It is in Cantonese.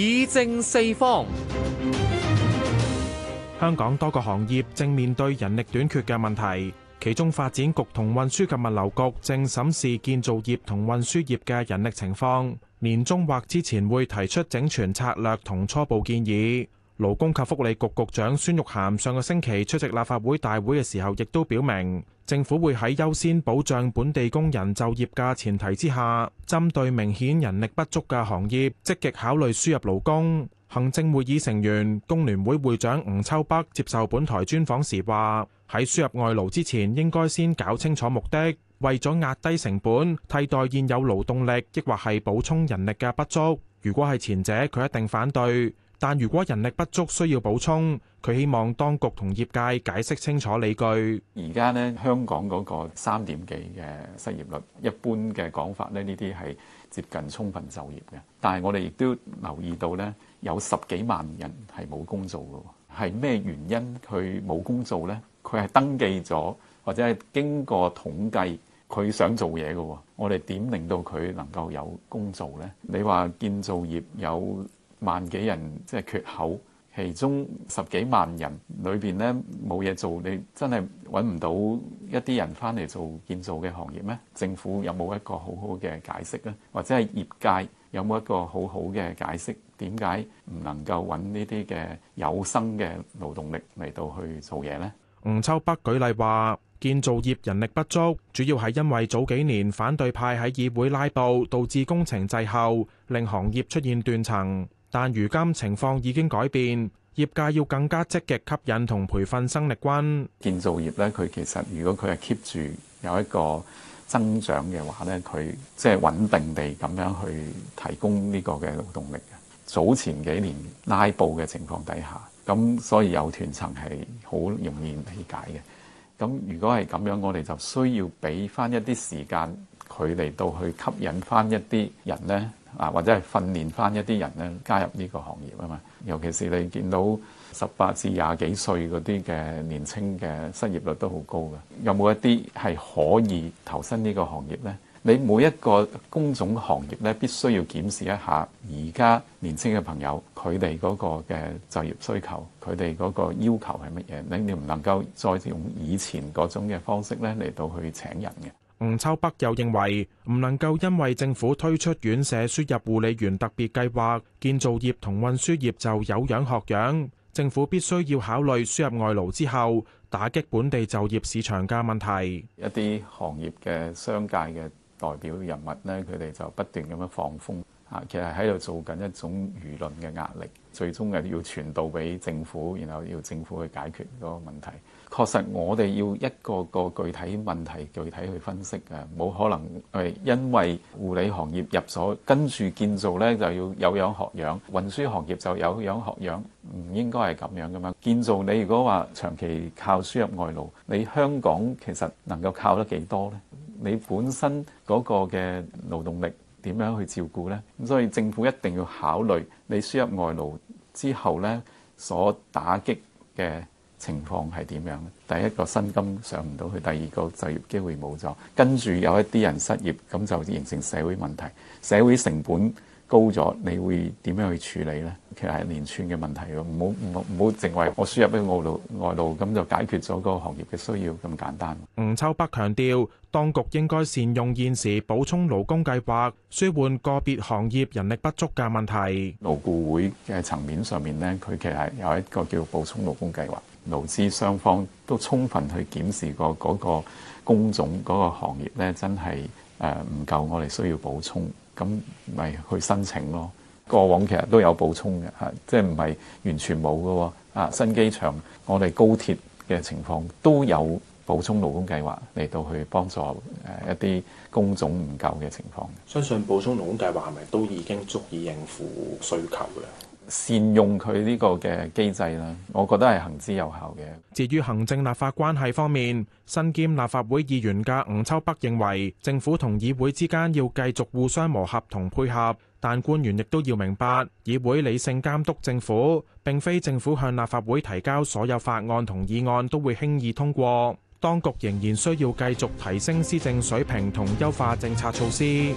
議政四方。香港多個行業正面對人力短缺嘅問題，其中發展局同運輸及物流局正審視建造業同運輸業嘅人力情況，年中或之前會提出整全策略同初步建議。勞工及福利局局長孫玉菡上個星期出席立法會大會嘅時候，亦都表明政府會喺優先保障本地工人就業嘅前提之下，針對明顯人力不足嘅行業，積極考慮輸入勞工。行政會議成員、工聯會會長吳秋北接受本台專訪時話：喺輸入外勞之前，應該先搞清楚目的，為咗壓低成本，替代現有勞動力，抑或係補充人力嘅不足？如果係前者，佢一定反對。但如果人力不足需要補充，佢希望當局同業界解釋清楚理據。而家咧香港嗰個三點幾嘅失業率，一般嘅講法咧，呢啲係接近充分就業嘅。但係我哋亦都留意到咧，有十幾萬人係冇工做嘅。係咩原因佢冇工做咧？佢係登記咗或者係經過統計，佢想做嘢嘅。我哋點令到佢能夠有工做咧？你話建造業有萬幾人即係缺口，其中十幾萬人裏邊呢，冇嘢做，你真係揾唔到一啲人翻嚟做建造嘅行業咩？政府有冇一個好好嘅解釋呢？或者係業界有冇一個好好嘅解釋，點解唔能夠揾呢啲嘅有生嘅勞動力嚟到去做嘢呢？吳秋北舉例話：建造業人力不足，主要係因為早幾年反對派喺議會拉布，導致工程滯後，令行業出現斷層。但如今情況已經改變，業界要更加積極吸引同培訓生力軍。建造業咧，佢其實如果佢係 keep 住有一個增長嘅話咧，佢即係穩定地咁樣去提供呢個嘅勞動力嘅。早前幾年拉布嘅情況底下，咁所以有斷層係好容易理解嘅。咁如果係咁樣，我哋就需要俾翻一啲時間。佢嚟到去吸引翻一啲人咧，啊或者係訓練翻一啲人咧，加入呢個行業啊嘛。尤其是你見到十八至廿幾歲嗰啲嘅年青嘅失業率都好高嘅，有冇一啲係可以投身呢個行業咧？你每一個工種行業咧，必須要檢視一下而家年青嘅朋友佢哋嗰個嘅就業需求，佢哋嗰個要求係乜嘢？你你唔能夠再用以前嗰種嘅方式咧嚟到去請人嘅。吳秋北又認為，唔能夠因為政府推出院舍輸入護理員特別計劃，建造業同運輸業就有樣學樣。政府必須要考慮輸入外勞之後打擊本地就業市場嘅問題。一啲行業嘅商界嘅代表人物呢，佢哋就不斷咁樣放風，啊，其實喺度做緊一種輿論嘅壓力。最終係要傳導俾政府，然後要政府去解決嗰個問題。確實，我哋要一個個具體問題具體去分析嘅，冇可能係因為護理行業入所跟住建造呢，就要有樣學樣，運輸行業就有樣學樣，唔應該係咁樣噶嘛？建造你如果話長期靠輸入外勞，你香港其實能夠靠得幾多呢？你本身嗰個嘅勞動力。點樣去照顧呢？咁所以政府一定要考慮你輸入外勞之後呢，所打擊嘅情況係點樣？第一個薪金上唔到去，第二個就業機會冇咗，跟住有一啲人失業，咁就形成社會問題，社會成本高咗，你會點樣去處理呢？其實係連串嘅問題，唔好唔好唔好淨為，我輸入啲外勞外勞咁就解決咗個行業嘅需要咁簡單。吳秋北強調，當局應該善用現時補充勞工計劃，舒緩個別行業人力不足嘅問題。勞顧會嘅層面上面呢，佢其實有一個叫補充勞工計劃，勞資雙方都充分去檢視過嗰個工種嗰個行業咧，真係誒唔夠我哋需要補充，咁咪去申請咯。過往其實都有補充嘅，嚇，即係唔係完全冇㗎喎。啊，新機場我哋高鐵嘅情況都有補充勞工計劃嚟到去幫助誒一啲工種唔夠嘅情況。相信補充勞工計劃係咪都已經足以應付需求嘅？善用佢呢個嘅機制啦，我覺得係行之有效嘅。至於行政立法關係方面，身兼立法會議員嘅吳秋北認為，政府同議會之間要繼續互相磨合同配合，但官員亦都要明白，議會理性監督政府，並非政府向立法會提交所有法案同議案都會輕易通過。當局仍然需要繼續提升施政水平同優化政策措施。